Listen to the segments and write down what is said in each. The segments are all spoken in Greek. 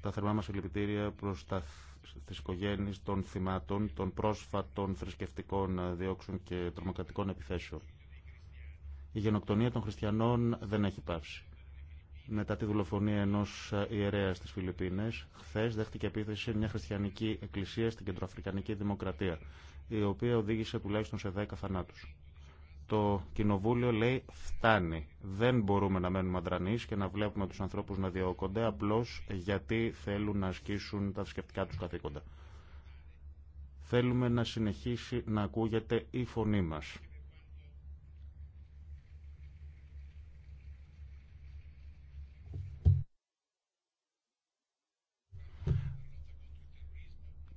Τα θερμά μας συλληπιτήρια προς τα στις οικογένειες των θυμάτων των πρόσφατων θρησκευτικών ε, διώξεων και τρομοκρατικών επιθέσεων. Η γενοκτονία των χριστιανών δεν έχει πάψει. Μετά τη δολοφονία ενός ε, ιερέα στις Φιλιππίνες, χθες δέχτηκε επίθεση σε μια χριστιανική εκκλησία στην Κεντροαφρικανική Δημοκρατία, η οποία οδήγησε τουλάχιστον σε 10 θανάτους το κοινοβούλιο λέει φτάνει. Δεν μπορούμε να μένουμε αντρανείς και να βλέπουμε του ανθρώπους να διώκονται απλώς γιατί θέλουν να ασκήσουν τα θρησκευτικά τους καθήκοντα. Θέλουμε να συνεχίσει να ακούγεται η φωνή μας.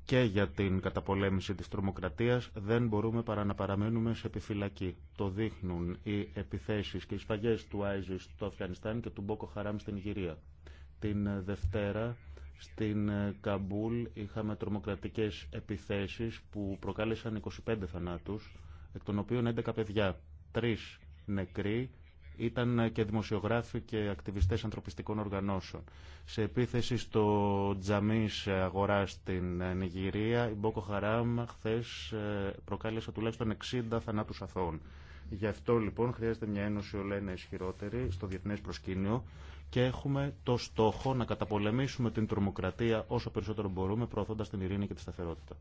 και για την καταπολέμηση της τρομοκρατίας δεν μπορούμε παρά να παραμένουμε σε επιφυλακή. Το δείχνουν οι επιθέσεις και οι σφαγές του Άιζη στο Αφγανιστάν και του Μπόκο Χαράμ στην Ιγυρία. Την Δευτέρα στην Καμπούλ είχαμε τρομοκρατικές επιθέσεις που προκάλεσαν 25 θανάτους, εκ των οποίων 11 παιδιά, 3 νεκροί ήταν και δημοσιογράφοι και ακτιβιστές ανθρωπιστικών οργανώσεων. Σε επίθεση στο τζαμί αγορά στην ε, Νιγηρία, η Μπόκο Χαράμ χθες ε, προκάλεσε τουλάχιστον 60 θανάτους αθώων. Γι' αυτό λοιπόν χρειάζεται μια ένωση ολένα ισχυρότερη στο διεθνές προσκήνιο και έχουμε το στόχο να καταπολεμήσουμε την τρομοκρατία όσο περισσότερο μπορούμε προωθώντας την ειρήνη και τη σταθερότητα.